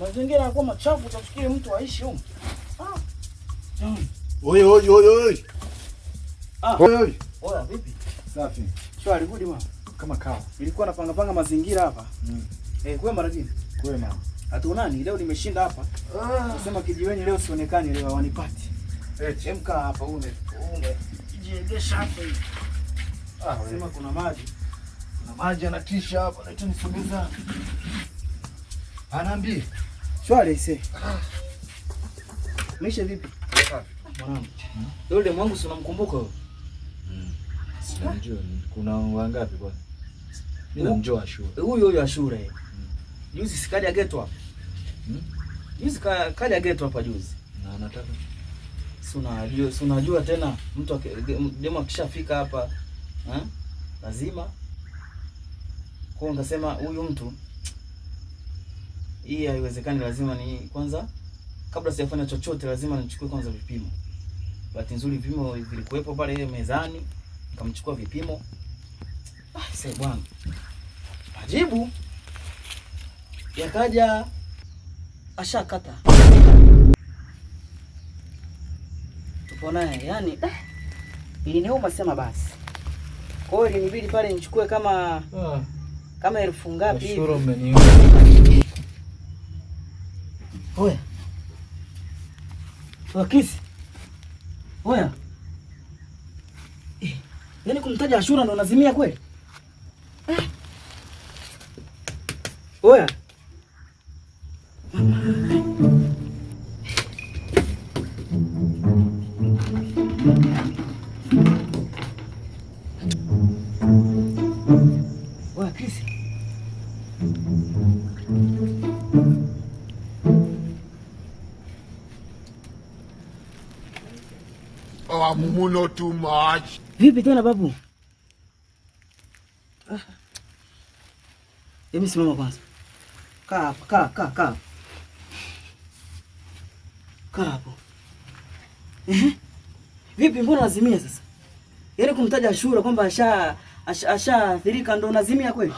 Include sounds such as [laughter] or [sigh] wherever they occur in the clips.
Mazingira yako machafu utafikiri mtu aishi huko. Ah. Oi oi oi oi. Ah. Oi oi. Oya vipi? Safi. Shwari good mama. Kama kawa. Nilikuwa napanga panga mazingira hapa. Mm. Eh, kwema rajini. Kwema. Hatuonani leo nimeshinda hapa. Ah. Nasema kijiweni leo sionekani leo wanipati. Eh, chemka hapa ume ume. Kijiegesha hapa hivi. Ah, sema kuna maji. Kuna maji anatisha hapa. Leta nisogeza. Anaambia. Shwari ise. Ah. Maisha vipi? Mwanangu. Yule hmm? mwangu si unamkumbuka wewe? Hmm. kuna wangapi kwa? Mimi namjua Ashura. Huyo huyo Ashura eh. hmm. Juzi sikali ya geto hapa. Juzi kali ya geto hapa juzi. Na anataka. Si unajua, si unajua tena mtu demo akishafika hapa. Eh? Lazima. Kwa nkasema huyu mtu hii haiwezekani, lazima ni kwanza, kabla sijafanya chochote, lazima nichukue kwanza vipimo. Bahati nzuri vipimo vilikuwepo pale mezani, nikamchukua vipimo. Ah, sasa bwana, majibu yakaja, ashakata tupo naye, yani eh, iliniuma sema basi. Kwa hiyo ilinibidi pale nichukue kama ah. kama elfu ngapi hivi Oya Oya kisi. oya eh, yaani kumtaja Ashura ndo unazimia kweli eh? Oya oya Chris Our muno too much. Vipi tena babu? Ah. Hebu simama kwanza. Kaa hapo, kaa, kaa, kaa. Kaa hapo. Eh? Vipi mbona unazimia sasa? Yaani kumtaja Ashura kwamba asha ashaathirika ndo unazimia kweli?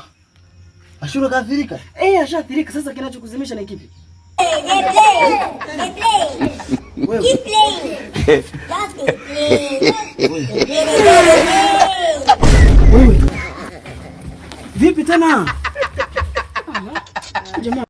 Ashura kaathirika? Eh, ashaathirika. Sasa kinachokuzimisha ni kipi? Eh, playing. [laughs] Vipi tena? [laughs]